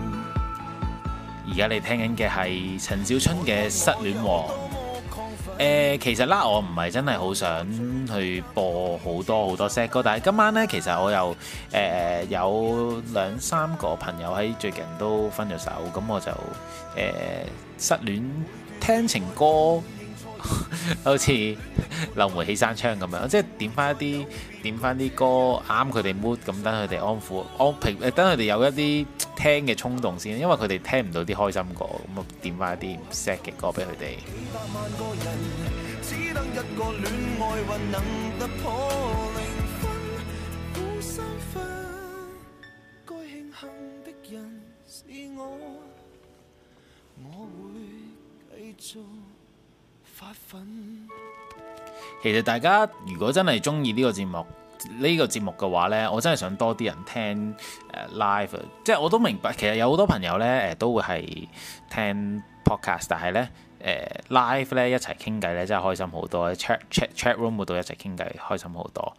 而家你聽緊嘅係陳小春嘅失戀王，誒其實啦，我唔係真係好想去播好多好多 sad 歌，但係今晚咧，其實我又誒有兩三個朋友喺最近都分咗手，咁我就誒失戀聽情歌。 好似漏煤起山槍咁樣，即係點翻一啲點翻啲歌啱佢哋 mood，咁等佢哋安撫，安等佢哋有一啲聽嘅衝動先，因為佢哋聽唔到啲開心歌，咁啊點翻一啲 sad 嘅歌俾佢哋。其實大家如果真係中意呢個節目呢、呢個節目嘅話呢，我真係想多啲人聽、呃、live，即係我都明白。其實有好多朋友呢都會係聽 podcast，但係呢、呃、live 呢一齊傾偈呢真係開心好多。chat chat chat room 度一齊傾偈開心好多。同、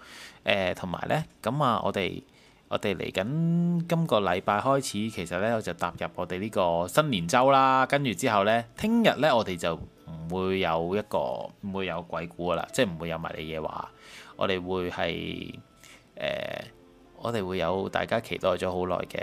呃、埋呢，咁啊，我哋我哋嚟緊今個禮拜開始，其實呢我就踏入我哋呢個新年周啦。跟住之後呢，聽日呢我哋就。唔會有一個，唔會有鬼故噶啦，即係唔會有埋你嘢話，我哋會係誒、呃，我哋會有大家期待咗好耐嘅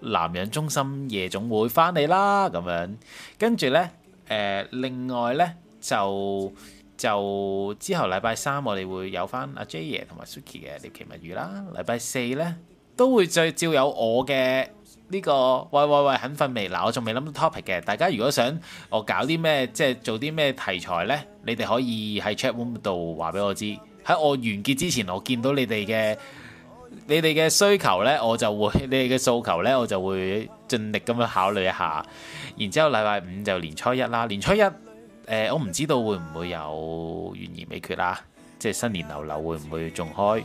男人中心夜總會返嚟啦，咁樣跟住呢，誒、呃，另外呢，就就之後禮拜三我哋會有翻阿 J 爺同埋 Suki 嘅獵奇物語啦，禮拜四呢，都會再照有我嘅。呢、這個喂喂喂肯瞓未？嗱，我仲未諗到 topic 嘅，大家如果想我搞啲咩，即係做啲咩題材呢？你哋可以喺 chat room 度話俾我知。喺我完結之前，我見到你哋嘅你哋嘅需求呢，我就會你哋嘅訴求呢，我就會盡力咁樣考慮一下。然之後禮拜五就年初一啦，年初一誒、呃，我唔知道會唔會有懸疑未決啦，即係新年流流會唔會仲開？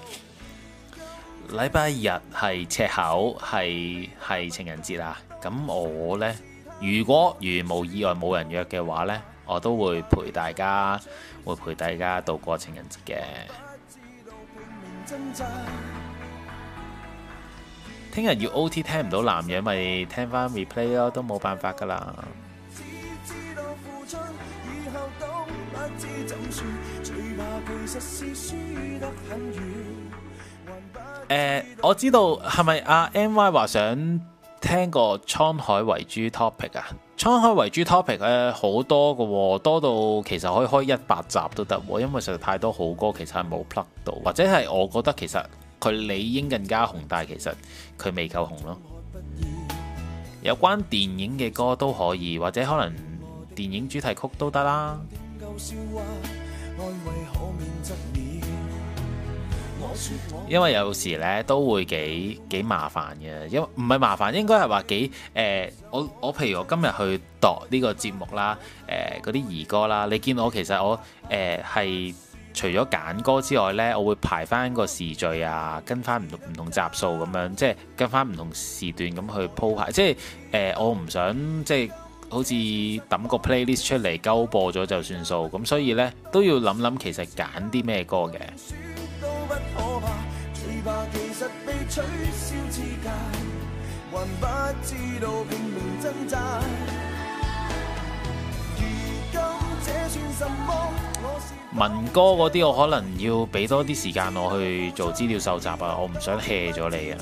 禮拜日係赤口，係係情人節啊！咁我呢，如果如無意外冇人約嘅話呢，我都會陪大家，會陪大家度過情人節嘅。聽日要 OT，聽唔到男人咪聽翻 replay 咯，都冇辦法噶啦。誒、呃，我知道係咪阿 N Y 話想聽個滄海遺珠 topic 啊？滄海遺珠 topic 咧好多噶，哦，多到其實可以開一百集都得，因為實在太多好歌其實係冇 plug 到，或者係我覺得其實佢理應更加紅，但其實佢未夠紅咯。有關電影嘅歌都可以，或者可能電影主題曲都得啦。因為有時咧都會幾幾麻煩嘅，因為唔係麻煩，應該係話幾誒，我我譬如我今日去度呢個節目啦，誒嗰啲兒歌啦，你見到其實我誒係、呃、除咗揀歌之外咧，我會排翻個時序啊，跟翻唔唔同集數咁樣，即係跟翻唔同時段咁去鋪排，即係誒、呃、我唔想即係好似抌個 playlist 出嚟鳩播咗就算數，咁所以咧都要諗諗其實揀啲咩歌嘅。文哥嗰啲，我可能要俾多啲時間我去做資料收集啊，我唔想 hea 咗你啊。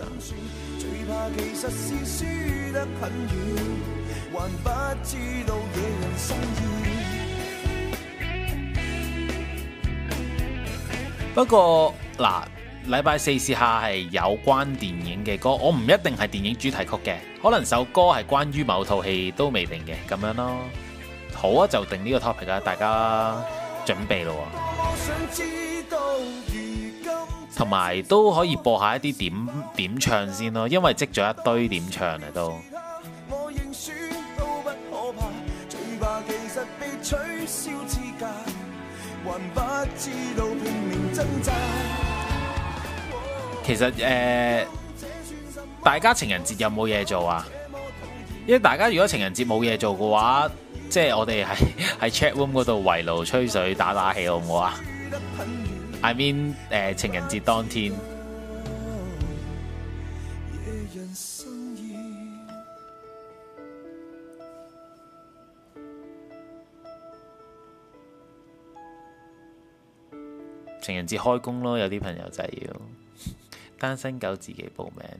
不過嗱，禮拜四試下係有關電影嘅歌，我唔一定係電影主題曲嘅，可能首歌係關於某套戲都未定嘅，咁樣咯。好啊，就定呢個 topic 啦，大家準備咯。同埋都可以播一下一啲點點唱先咯，因為積咗一堆點唱嚟都。都其實誒、呃，大家情人節有冇嘢做啊？因為大家如果情人節冇嘢做嘅話，即、就、係、是、我哋係喺 chat room 嗰度圍爐吹水打打氣好唔好啊？I mean，誒、呃，情人節當天。情人節開工咯，有啲朋友就係要單身狗自己報名。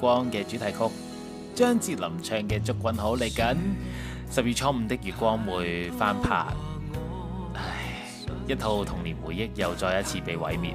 光嘅主題曲，張智霖唱嘅《祝君好》，嚟緊十月初五的月光會翻拍，唉，一套童年回憶又再一次被毀滅。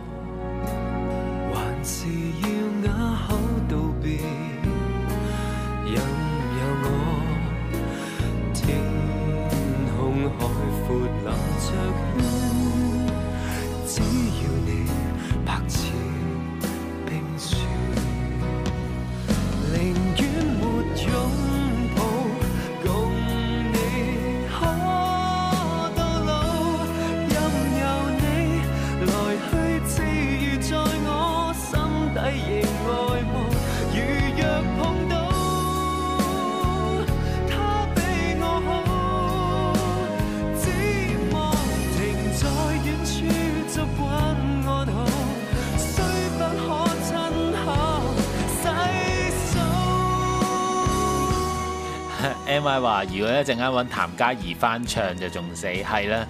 唔係話，如果一陣間揾譚嘉儀翻唱就仲死，係啦，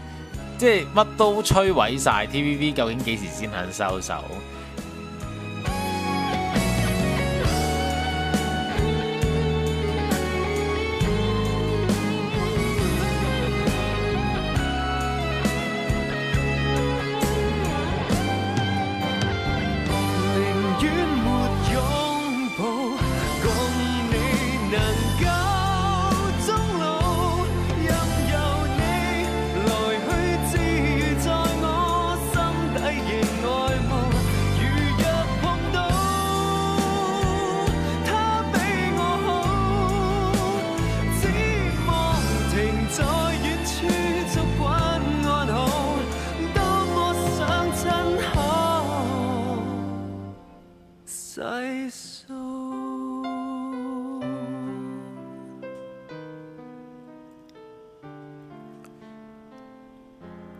即係乜都摧毀晒 TVB，究竟幾時先肯收手？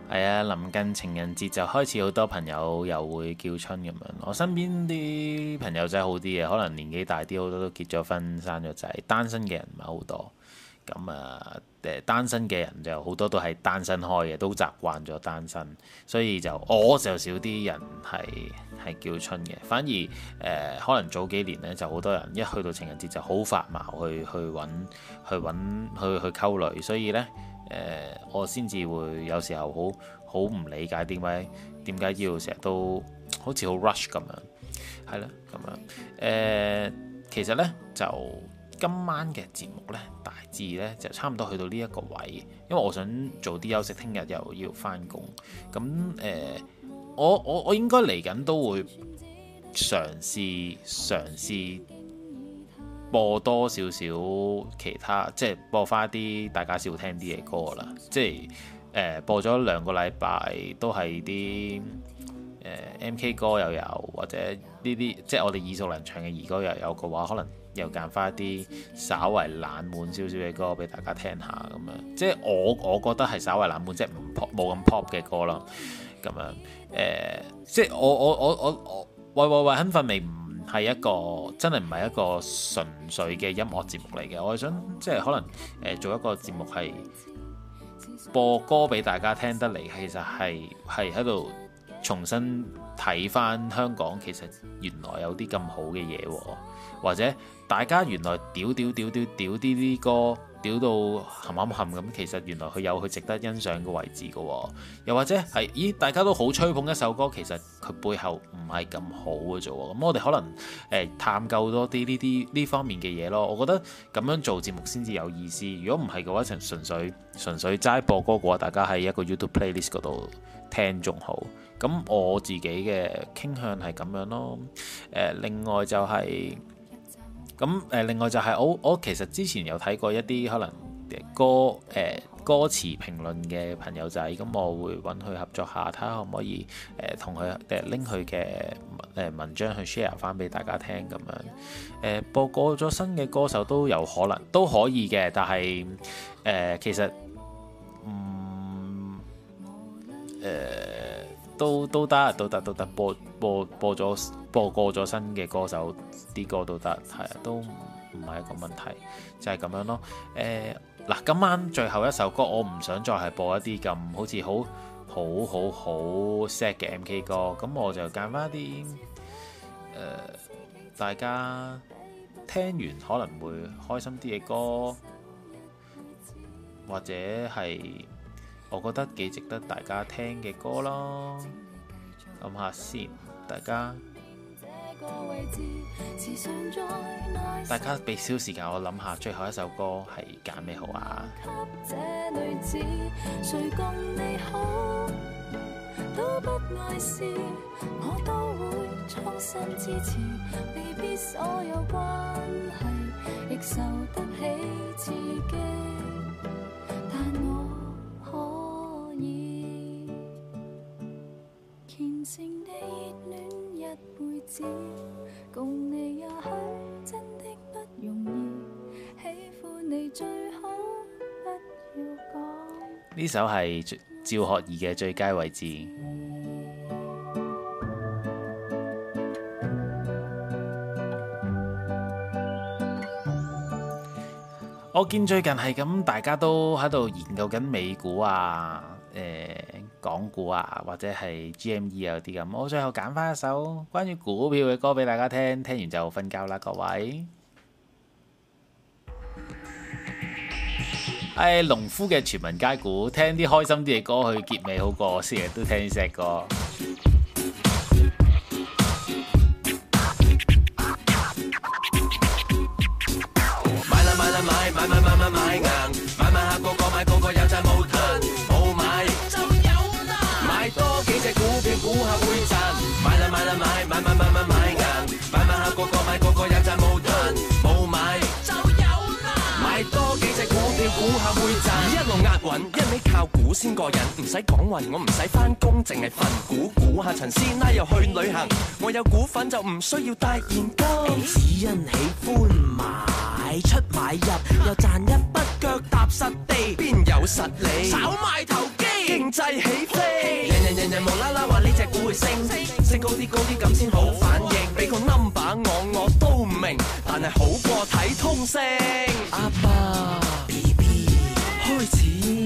係啊，臨、哎、近情人節就開始好多朋友又會叫春咁樣。我身邊啲朋友仔好啲嘅，可能年紀大啲，好多都結咗婚、生咗仔，單身嘅人唔係好多。咁啊、呃，單身嘅人就好多都係單身開嘅，都習慣咗單身，所以就我就少啲人係係叫春嘅。反而、呃、可能早幾年呢，就好多人一去到情人節就好發毛去去去搵、去去溝女，所以呢。誒、呃，我先至會有時候好好唔理解點解點解要成日都好似好 rush 咁樣，係啦咁樣。誒，其實呢，就今晚嘅節目呢，大致呢，就差唔多去到呢一個位，因為我想早啲休息，聽日又要翻工。咁誒、呃，我我我應該嚟緊都會嘗試嘗試。播多少少其他，即係播翻啲大家少聽啲嘅歌啦。即係誒、呃、播咗兩個禮拜都係啲誒 M.K 歌又有，或者呢啲即係我哋耳熟能詳嘅兒歌又有嘅話，可能又揀翻一啲稍為冷門少少嘅歌俾大家聽下咁樣。即係我我覺得係稍為冷門，即係唔冇咁 pop 嘅歌咯。咁樣誒、呃，即係我我我我我，喂喂喂，肯瞓未？係一個真係唔係一個純粹嘅音樂節目嚟嘅，我想即係可能誒、呃、做一個節目係播歌俾大家聽得嚟，其實係係喺度重新睇返香港，其實原來有啲咁好嘅嘢喎，或者大家原來屌屌屌屌屌啲啲歌，屌到冚冚冚咁，其實原來佢有佢值得欣賞嘅位置嘅喎、哦，又或者係，咦，大家都好吹捧一首歌，其實佢背後唔係咁好嘅啫喎，咁我哋可能、呃、探究多啲呢啲呢方面嘅嘢咯，我覺得咁樣做節目先至有意思。如果唔係嘅話，純純粹純粹齋播歌嘅話，大家喺一個 YouTube playlist 嗰度聽仲好。咁我自己嘅傾向係咁樣咯、呃，另外就係、是。咁誒、呃，另外就係我我其實之前有睇過一啲可能歌誒、呃、歌詞評論嘅朋友仔，咁我會揾佢合作下，睇下可唔可以誒同佢拎佢嘅誒文章去 share 翻俾大家聽咁樣。誒、呃、播過咗新嘅歌手都有可能都可以嘅，但係誒、呃、其實嗯誒都都得，都得都得播。播播咗播過咗新嘅歌手啲歌都得，係啊，都唔係一個問題，就係、是、咁樣咯。誒、呃、嗱，今晚最後一首歌我唔想再係播一啲咁好似好好好好 sad 嘅 M.K 歌，咁我就揀翻啲大家聽完可能會開心啲嘅歌，或者係我覺得幾值得大家聽嘅歌咯，諗下先。大家，大家俾少少時間我諗下，最後一首歌係揀咩好啊？呢首係趙學而嘅最佳位置。我見最近係咁，大家都喺度研究緊美股啊、誒港股啊，或者係 GME 啊啲咁。我最後揀翻一首關於股票嘅歌俾大家聽，聽完就瞓覺啦，各位。誒農、哎、夫嘅全民皆估，聽啲開心啲嘅歌去結尾好過，成日都聽呢隻歌。先過癮，唔使講運，我唔使翻工，淨係份估估。下。陳師奶又去旅行，我有股份就唔需要帶現金。只因喜歡買出買入，又賺一筆腳踏實地，邊有實力炒賣投機，經濟起飛。人人人人無啦啦話呢隻股會升，升高啲高啲咁先好反應。俾個冧巴我我都唔明，但係好過睇通勝。阿爸，B B，皮開始。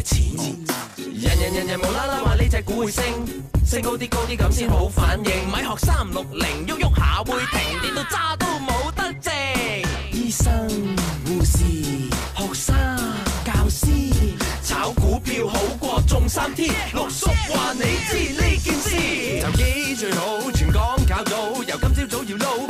人、oh. 人人人無啦啦話呢隻股會升，升高啲高啲咁先好反應，咪學三六零，喐喐下會停，跌到渣都冇得正，醫生、護士、學生、教師，炒股票好過中三天，六叔話你知呢件事，就記住好，全港搞到，由今朝早要撈。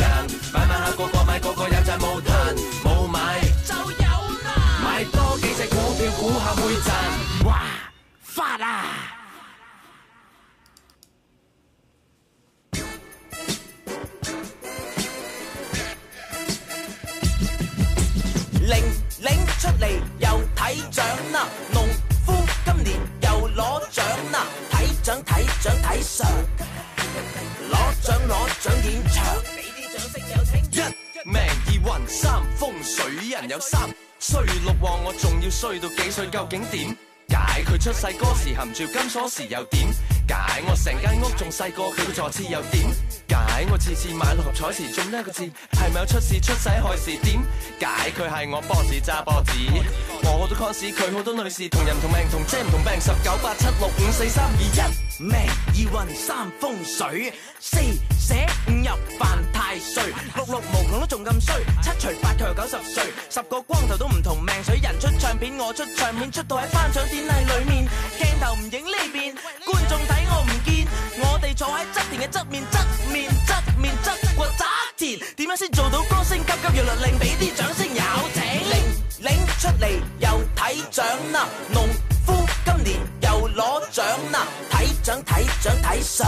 有三衰六旺，我仲要衰到幾歲？究竟點解？佢出世嗰時含住金鎖匙，又點解？我成間屋仲細過佢個坐廁，又點解？我次次買六合彩時中呢個字，係咪有出事出世害事？點解？佢係我 boss 揸 boss，我好多 cons 佢好多女士同人同命同姐唔同病。十九八七六五四三二一命，二運三風水。四寫五入犯太歲，六六無窮都仲咁衰，七除八強九十歲，十個光頭都唔同命水，人出唱片，我出唱片，出道喺頒獎典禮裏面，鏡頭唔影呢邊，觀眾睇我唔見，我哋坐喺側田嘅側面，側面，側面，側面過側田，點樣先做到歌星急急要律令，俾啲掌聲有請。領領出嚟又睇獎啦，農夫今年又攞獎啦，睇獎睇獎睇上。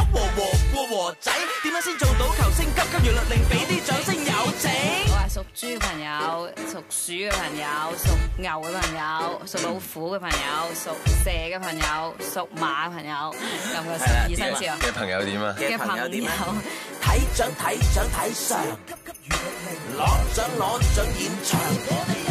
和仔點樣先做到球星急急如律令？俾啲掌聲有請我係屬豬嘅朋友，屬鼠嘅朋友，屬牛嘅朋友，屬老虎嘅朋友，屬蛇嘅朋友，屬馬嘅朋友，咁嘅十二生肖嘅、啊、朋友點啊？嘅朋友點啊？睇掌、睇掌、睇相，攞獎攞獎現場。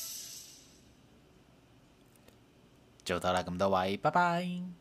做到啦，咁多位，拜拜。